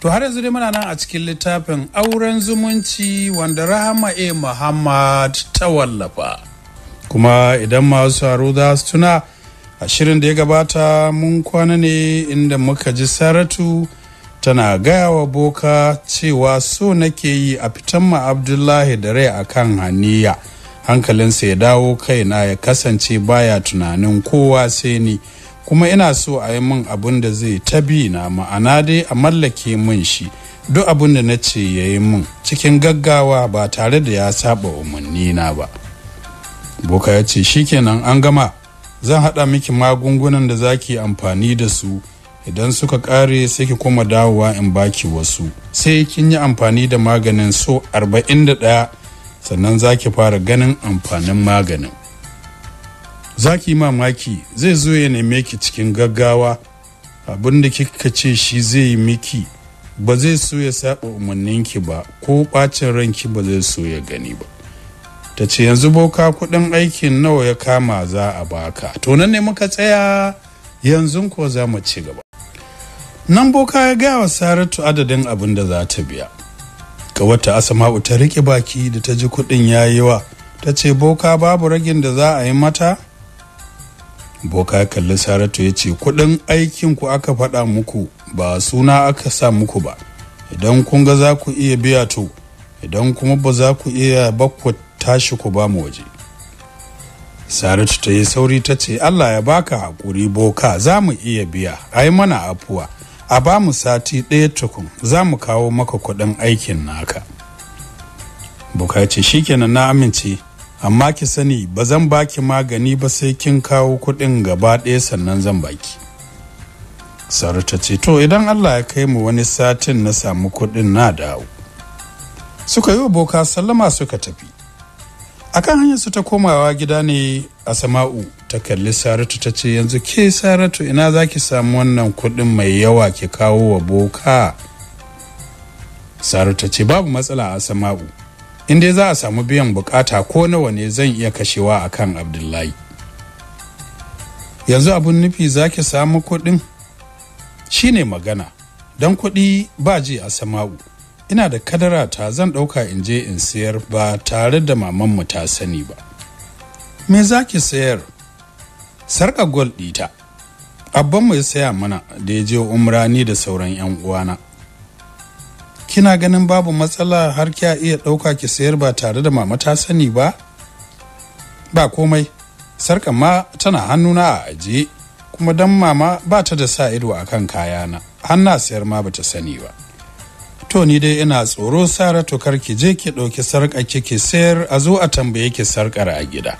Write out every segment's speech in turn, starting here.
to har yanzu dai muna nan a cikin littafin auren zumunci wanda rahama e muhammad ta wallafa kuma idan masu haro za su tuna a shirin da ya gabata mun kwana ne inda muka ji saratu tana gaya wa boka cewa so nake yi a fitan ma abdullahi da rai a kan haniya hankalinsa ya dawo kaina ya kasance baya tunanin kowa sai ni kuma ina so a yi min abin da zai ta bi na ma'ana dai a mallake min shi duk abin da na ce ya yi min cikin gaggawa ba tare da ya saba umarni na ba boka ya ce shikenan an gama zan haɗa miki magungunan da za ki amfani da su idan suka ƙare sai ki kuma dawowa in baki wasu sai kin yi amfani da maganin so ɗaya sannan za ki fara ganin amfanin maganin za ki mamaki zai zo ya neme ki cikin gaggawa abin da kika ce shi zai yi miki ba zai so ya saba ki ba ko ɓacin ranki ba zai so ya gani ba ta ce yanzu boka kuɗin aikin nawa ya kama za a baka to nan ne muka tsaya yanzu ko za mu ci gaba nan boka ya gaya wa saratu adadin abin da za ta biya ga wata asama'u ta rike baki da ta ji kudin ya yi wa ta ce boka babu ragin da za a yi mata boka ya kalli saratu ya ce kudin aikin ku aka faɗa muku ba suna aka sa muku ba idan kun ga za ku iya biya to idan kuma ba za ku iya ba tashi ku ba mu waje saratu ta yi sauri ta ce allah ya baka hakuri boka za mu iya biya ai mana afuwa a ba mu sati ɗaya tukun za mu kawo maka kuɗin aikin naka bukaci shikenan na amince amma ki sani ba zan baki magani ba sai kin kawo kuɗin gaba ɗaya sannan zan baki saru ta ce to idan allah ya kai mu wani satin na samu kuɗin na dawo suka yi boka sallama suka tafi akan hanyar su ta komawa gida ne a sama'u ta kalli saratu ta ce yanzu ke saratu ina za ki samu wannan kuɗin mai yawa ki kawo wa boka saratu ta ce babu matsala a sama'u in dai za a samu biyan bukata ko nawa ne zan iya kashewa a kan abdullahi yanzu abin nufi za ki samu kuɗin shine magana don kuɗi ba ji a sama'u ina da kadara ta zan ɗauka in je in sayar ba tare da mamanmu ta sani ba me za ki sayar sarƙa gol ɗita abban ya saya mana da ya je umrani da sauran 'yan uwana kina ganin babu matsala har kya iya ɗauka ki sayar ba tare da mama ta sani ba ba komai sarkan ma tana hannuna a ajiye kuma dan mama ba ta da sa ido a kan kayana hanna na sayar ma ba ta sani ba to ni dai ina tsoro sara to kar ki je ki ɗauki sarƙa kike sayar a zo a tambaye ki sarƙar a gida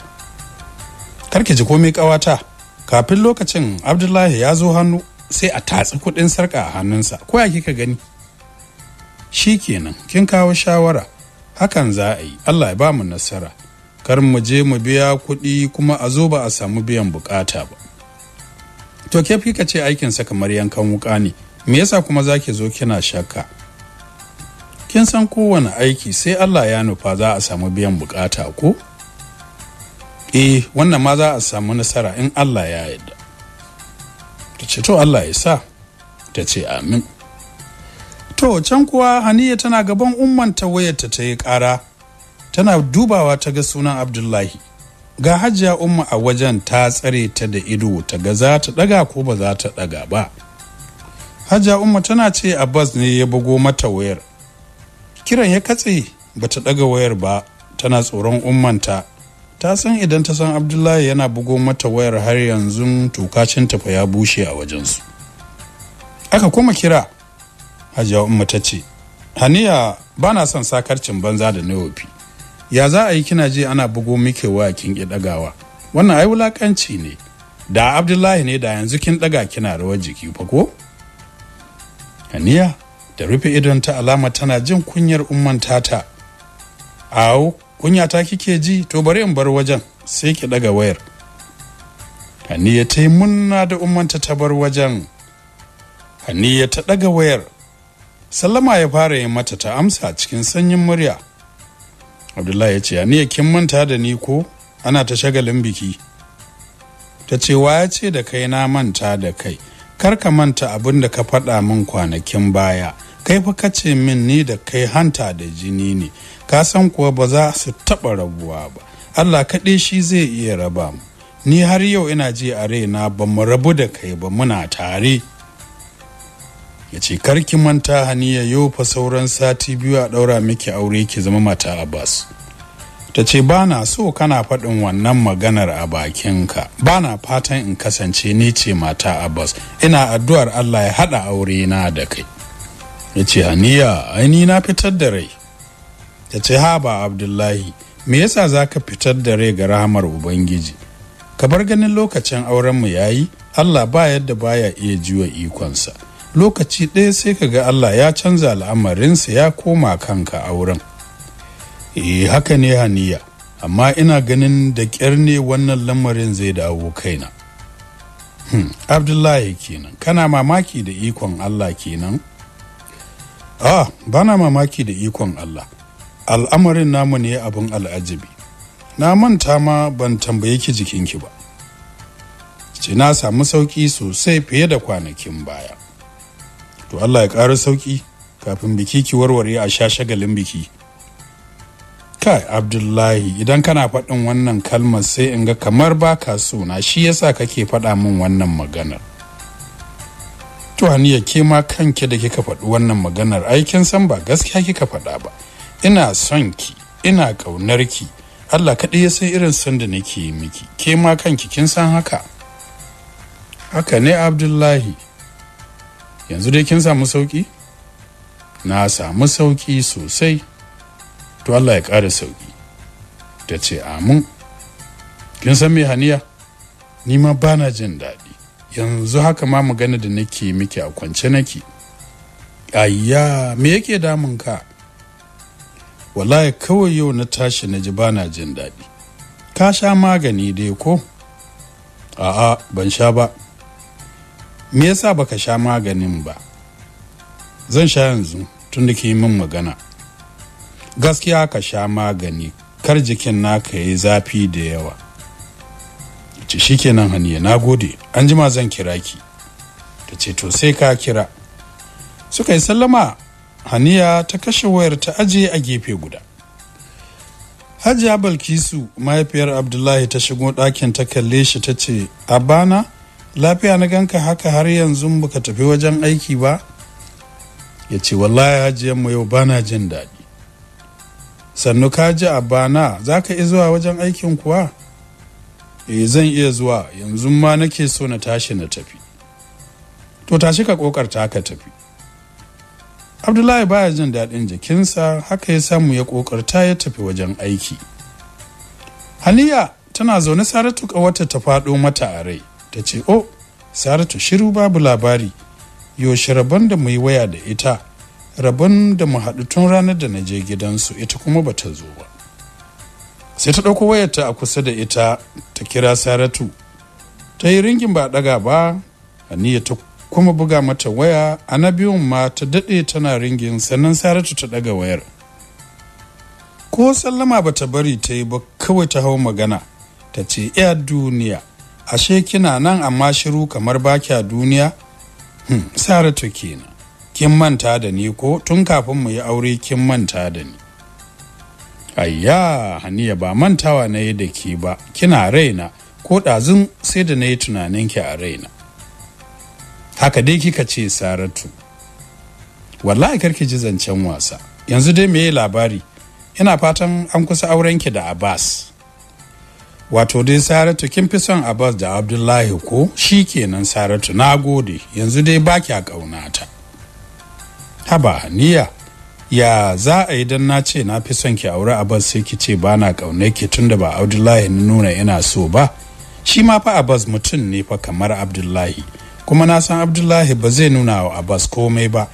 kar ki ji komai ƙawata kafin lokacin abdullahi ya zo hannu sai a tatsi kuɗin sarƙa a hannunsa ko ya kika gani shi kenan kin kawo shawara hakan za a yi allah ya ba mu nasara kar mu je mu biya kuɗi kuma a zo ba a samu biyan bukata ba to ke kika ce aikinsa kamar yankan wuka ne me yasa kuma zaki zo kina shakka kin san kowane aiki sai allah ya nufa za a samu biyan bukata ko eh wannan ma za a samu nasara in allah ya yarda ta ce to allah ya sa ta ce amin to can kuwa haniya tana gaban ummanta wayarta ta yi ƙara tana dubawa ta ga sunan abdullahi ga hajiya umma a wajen ta tsare ta da ido ta ga za ta ɗaga ko ba za ta ɗaga ba hajiya umma tana ce abbas ne ya bugo mata wayar kiran ya katse ba ta ɗaga wayar ba tana tsoron ummanta ta san idan ta san abdullahi yana bugo mata wayar har yanzu tokacin tafa ya bushe a wajensu aka kuma kira hajiya umma ta ce haniya ba na son sakarcin banza da nayofi ya za a yi kina je ana bugo muke wa kin ki dagawa wannan ai wulakanci ne da abdullahi ne da yanzu kin daga kina rawa jiki fa ko haniya da rufe idon ta alama tana jin kunyar umman tata au kunya ta kike ji to bari in bar wajen sai ki daga wayar haniya ta yi munna da umman ta bar wajen haniya ta daga wayar sallama ya fara yin mata ta amsa cikin sanyin murya abdullahi ya ce niya kin manta da ni ko ana ta shagalin biki ta ce wa ya ce da kai na manta da kai kar ka manta abin da ka faɗa min kwanakin baya kai fa kace min ni da kai hanta da jini ne ka san kuwa ba za su taɓa rabuwa ba allah kaɗai shi zai iya raba mu ni har yau ina ji a raina ba mu rabu da kai ba muna tare ya ce ki manta haniya yau fa sauran sati biyu a ɗaura miki aure ki zama mata abbas ta ce ba na so kana faɗin wannan maganar a bakinka ba na fatan in kasance ni ce mata abbas ina addu'ar allah ya haɗa aure na da kai ya ce haniya aini na fitar da rai ta ce ha ba abdullahi me yasa za ka fitar da rai ga rahamar ubangiji ka bar ganin lokacin aurenmu ya yi allah ba yadda baya iya jiwa ikonsa lokaci ɗaya sai ka ga allah ya canza al'amarinsa ya koma kanka a wurin eh haka ne haniya amma ina ganin da ƙyar ne wannan lamarin zai dawo kaina hmm. abdullahi kenan kana mamaki da ikon allah kenan ah bana mamaki da ikon allah al'amarin namu ne abin al'ajabi na manta ma ban tambaye ki jikinki ba ce na samu sauƙi sosai fiye da kwanakin baya to Allah ya ƙara sauki kafin biki ki warware a sha shagalin biki kai abdullahi idan kana faɗin wannan kalmar sai in ga kamar ba ka sona shi yasa kake faɗa min wannan maganar to haniya ke ma kanke da kika faɗi wannan maganar aikin san ba gaskiya kika faɗa ba ina son ki ina ƙaunar ki Allah kaɗai ya san irin son da nake miki ke ma kanki kin san haka haka ne abdullahi yanzu dai kin samu sauki na samu sauki sosai to Allah ya ƙara sauki ta ce amin kin san me haniya ni ma bana jin daɗi yanzu haka ma magana da nake miki a kwance nake ayya me yake damun ka wallahi kawai yau na tashi na ji bana jin daɗi ka sha magani dai ko a'a ban sha ba me yasa baka sha maganin ba zan sha yanzu tun da yi min magana gaskiya ka sha magani kar jikin naka yi zafi da yawa ce shikenan haniya na gode an jima zan kira ki ta ce to sai ka kira suka yi sallama haniya ta kashe wayar ta aje a gefe guda hajiya balkisu mahaifiyar abdullahi ta shigo ɗakin ta kalle shi ta ce abana lafiya na ganka haka har yanzu baka tafi wajen aiki ba ya ce wallahi hajiyar mu yau bana jin daɗi sannu ka ji a bana za ka iya zuwa wajen aikin kuwa eh zan iya zuwa yanzu ma nake so na tashi na tafi to tashi ka kokarta ka tafi abdullahi baya jin daɗin jikinsa haka ya samu ya kokarta ya tafi wajen aiki haniya tana zaune saratu wata ta faɗo mata a rai ta ce o oh, saratu shiru babu labari yaushe rabon da mu yi waya da ita rabon da mu haɗu tun ranar da na je gidansu ita kuma ba ta zo ba sai ta ɗauko wayarta a kusa da ita ta kira saratu ta yi ringin ba ɗaga ba aniya ta kuma buga mata waya ana biyun ma ta daɗe tana ringin sannan saratu ta ɗaga wayar ko sallama ba ta bari ta yi ba kawai ta hau magana ta ce ya duniya ashe kina nan amma shiru kamar bakya duniya hmm, saratu kenan kin manta da ni ko tun kafin mu yi aure kin manta da ni ayya haniya ba mantawa na yi da ke ba kina raina ko ɗazun sai da na yi tunaninki a raina haka dai kika ce saratu wallahi karki ji zancen wasa yanzu dai me labari ina fatan an kusa aurenki da abbas wato dai saratu kin fi son abbas da abdullahi ko shi kenan saratu na gode yanzu dai ba kauna ta. haba niya ya za a yi don na ce na fi son ki aure abbas sai ki ce ba na ƙaune ki tunda ba abdullahi na nuna ina so ba shi ma fa abbas mutum ne fa kamar abdullahi kuma na san abdullahi ba zai nuna wa abbas komai ba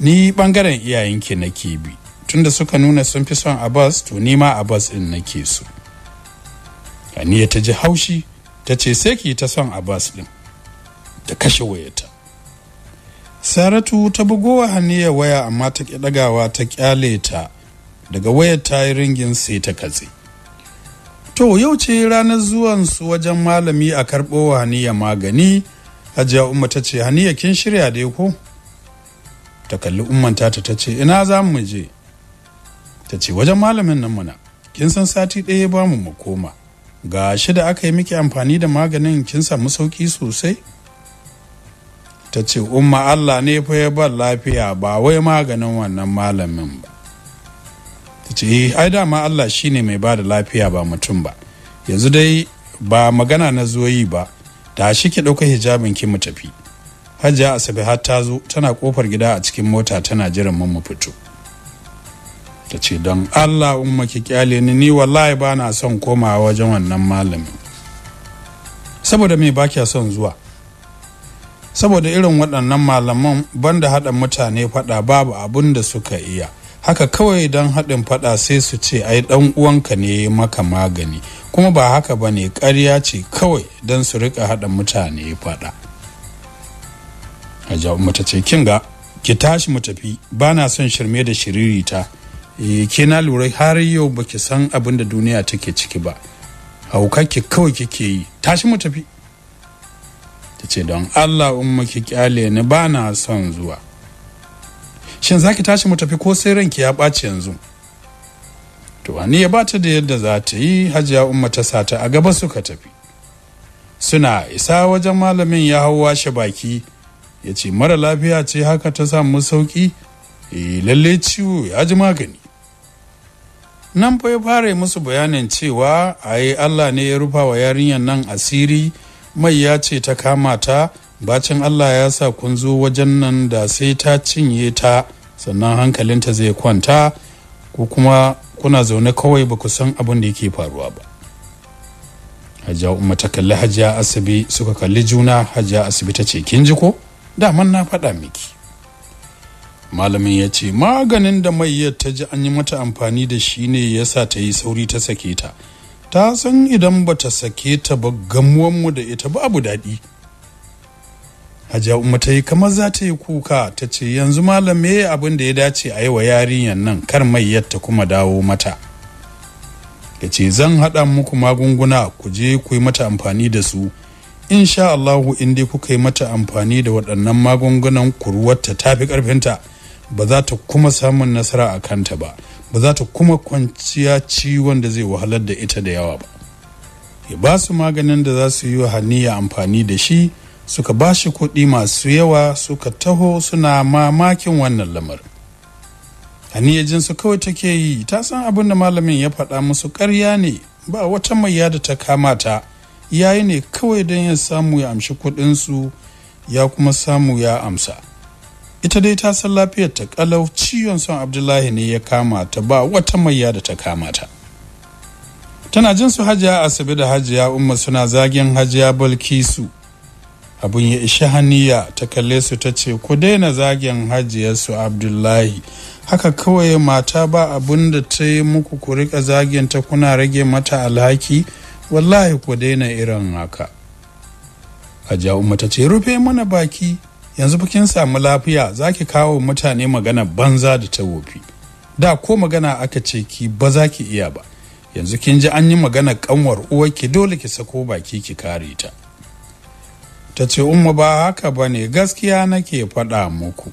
ni bangaren iyayenki nake bi tunda suka nuna sun fi son abbas to ni ma abbas din nake so haniya ta ji haushi ta ce sai ki ta son abbas din ta kashe wayarta saratu ta bugo wa haniya waya amma ta ki dagawa ta kyale ta daga wayar ta yi ringin sai ta katse to yau ce ranar zuwan su wajen malami a karɓo wa haniya magani hajiya umma ta ce haniya kin shirya dai ko ta kalli ummanta ta ta ce ina za mu je ta ce wajen malamin nan muna kin san sati ɗaya ba mu mu koma ga shi da aka yi miki amfani da maganin kin samu sauki sosai ta ce umma allah ne fa ya ba lafiya ba wai maganin wannan malamin ba ta ce eh, ai dama allah shine mai ba da lafiya ba mutum ba yanzu dai ba magana na zoyi ba ta shi ki ɗauka hijabin ki mu tafi hajiya asabe har ta zo tana kofar gida a cikin mota tana jiran mu fito ta ce don allah umma ki kyale ni ni wallahi ba na son komawa wajen wannan malami saboda me ba kya son zuwa saboda irin waɗannan malaman banda haɗa mutane faɗa babu abun da suka iya haka kawai don haɗin faɗa sai su ce ai ɗan uwanka ne maka magani kuma ba haka ba ne ƙarya ce kawai don su rika haɗa mutane faɗa a mata ce kin ga ki tashi mu tafi ba na son shirme da shiririta Eh, ke na lura har yau baki san abin da duniya take ciki ba hauka ki kawai kike yi tashi mu tafi ta ce don allah umma ki kyale ni ba na son zuwa shin zaki tashi mu tafi ko sai ranki ya ɓaci yanzu to wani ya bata da yadda za ta yi hajiya umma ta sata a gaba suka tafi suna isa wajen malamin ya hau washe baki ya ce mara lafiya ce haka ta samu sauki eh, lalle ciwo ya ji magani nan fa ya fara musu bayanin cewa yi allah ne ya rufa wa yarinyar nan asiri mai ya ce ta kama ta bacin allah ya sa kun zo wajen nan da sai ta cinye ta sannan hankalinta zai kwanta ko kuma kuna zaune kawai ba san abin da yake faruwa ba hajiya umma ta kalli hajiya asibi suka kalli juna hajiya asibi ta ce kin ji ko daman na faɗa miki malamin ya ce maganin da mayyar ta ji an yi mata amfani da shi ne ya sa ta yi sauri ta sake ta ta san idan ba ta sake ta ba gamuwanmu da ita ba abu daɗi hajiya umma ta yi kamar za ta yi kuka ta ce yanzu malam ya abin da ya dace a yi wa yarinyar nan kar mai ta kuma dawo mata ya ce zan haɗa muku magunguna ku je ku yi mata amfani da su insha Allahu in dai kuka yi mata amfani da waɗannan magungunan kurwarta ta fi ƙarfinta ba za ta kuma samun nasara a kanta ba ba za ta kuma kwanciya ciwon da zai wahalar da ita da yawa ba ya ba su maganin da za su yi wa haniya amfani da shi suka ba shi kuɗi masu yawa suka taho suna mamakin wannan lamar haniya jinsu kawai take yi ta san abin da malamin ya faɗa musu karya ne ba wata mai yada ta kama ta yayi ne kawai don ya samu ya amshi kuɗinsu ya kuma samu ya amsa ita dai ta san lafiyar ta kalau ciwon son abdullahi ne ya kama ta ba wata mayya da ta kama ta tana jin su hajiya asabe da hajiya umma suna zagin hajiya balkisu abun ya ishi haniya ta kalle su ta ce ku daina zagin hajiyarsu abdullahi haka kawai mata ba abun da ta yi muku ku rika zagin ta kuna rage mata alhaki wallahi ku daina irin haka hajiya umma ta ce rufe mana baki yanzu kin samu lafiya za ki kawo mutane magana banza da ta wofi da ko magana aka ce ki ba za ki iya ba yanzu kin ji an yi magana kanwar ki dole ki sako baki ki kare ta ta ce umma ba haka ba ne gaskiya nake faɗa muku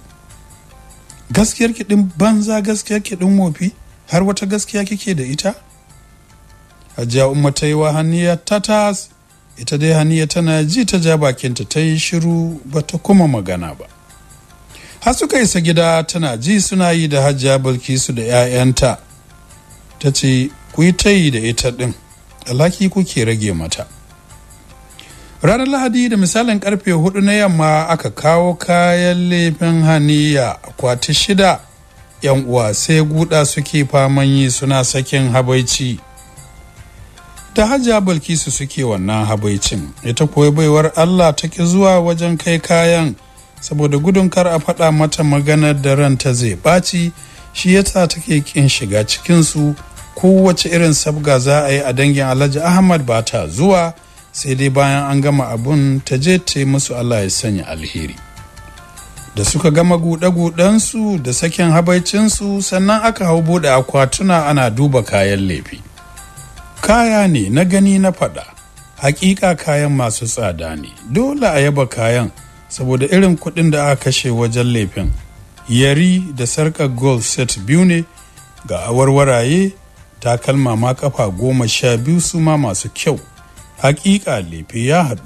gaskiyar ki din banza gaskiyar ki din wofi har wata gaskiya kike da ita hajiya umma ta yi wa hanniya ta tas ita dai haniya tana ji ta ja bakinta ta yi shiru ba ta kuma magana ba har suka isa gida tana ji suna yi da hajjiya bilkisu da 'ya'yanta ta ce ku yi ta yi da ita ɗin alaki kuke rage mata ranar lahadi da misalin karfe hudu na yamma aka kawo kayan laifin haniya akwati shida yan uwa sai guda suke faman yi suna sakin habaici da hajiya balkisu suke wannan habaicin ita koyi baiwar allah ta zuwa wajen kai kayan saboda gudun kar a faɗa mata maganar da ranta zai ɓaci shi yasa take ƙin shiga cikinsu kowace irin sabga za a yi a dangin alhaji ahmad ba ta zuwa sai dai bayan an gama abun ta je ta musu allah ya sanya alheri da suka gama guɗe-guɗensu da sakin habaicinsu sannan aka hau buɗe akwatuna ana duba kayan lefi kaya ne na gani na faɗa hakika kayan masu tsada ne dole a yaba kayan saboda irin kuɗin da aka kashe wajen laifin yari da sarkar gold set biyu ne ga awarwaraye takalma ma kafa goma sha biyu su ma masu kyau hakika laifi ya haɗu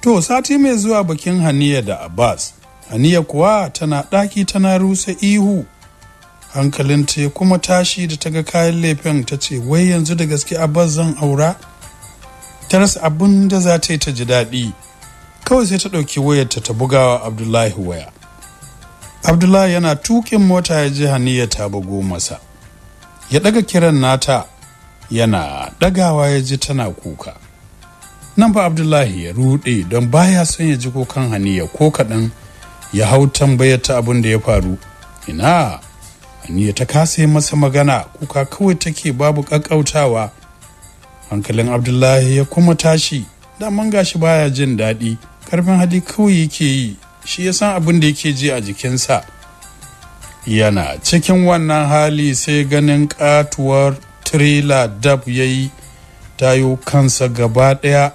to sati mai zuwa bakin haniya da abbas haniya kuwa tana ɗaki tana rusa ihu Hankalin ta ya kuma tashi da ta ga kayan laifin ta ce wai yanzu da gaske abin zan aura ta rasa abin da za ta yi ta ji daɗi kawai sai ta ɗauki wayarta ta bugawa abdullahi waya abdullahi yana tukin mota ya ji haniya ta bugo masa ya ɗaga kiran nata yana ɗagawa ya ji tana kuka nan ba abdullahi ya ruɗe don baya son ya ji kukan haniya ko kaɗan ya hau tambayar ta abin da ya faru ina aniya ta kasa yi masa magana kuka kawai take babu ƙaƙƙautawa hankalin abdullahi ya kuma tashi da daman gashi baya jin daɗi karfin hali kawai yake yi shi ya san abin da yake ji a jikinsa yana cikin wannan hali sai ganin katuwar tirela dab ya yi tayo kansa gaba ɗaya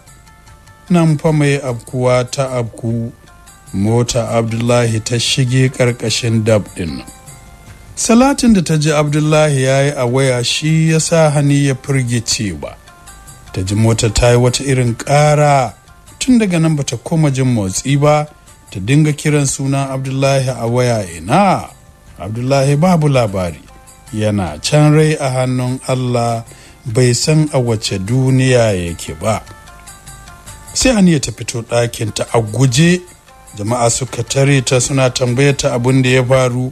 nan fa mai abkuwa ta abku mota abdullahi ta shige ƙarƙashin dab ɗin salatin da ta ji abdullahi ya yi a waya shi ya sa hani ya firgicewa ta ji mota ta yi wata irin ƙara tun daga nan bata koma jin motsi ba ta dinga kiran sunan abdullahi a waya ina abdullahi babu labari yana can rai a hannun allah bai san a wace duniya yake ba sai ya ta fito ɗakinta a guje jama'a suka tare ta suna tambaya ta abin da ya faru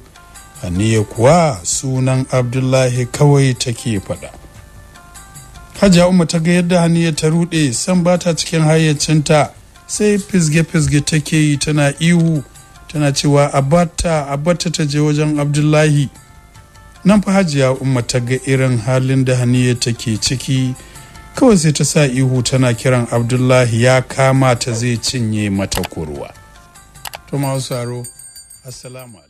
aniya kuwa sunan abdullahi kawai take faɗa hajiya umma ta ga yadda haniya ta ruɗe san ba ta cikin hayyacinta sai fisge-fisge take yi tana ihu tana cewa abata abata ta je wajen abdullahi nan fa hajiya umma ta ga irin halin da haniya take ciki kawai sai ta sa ihu tana kiran abdullahi ya kama ta zai cinye mata kurwa to assalamu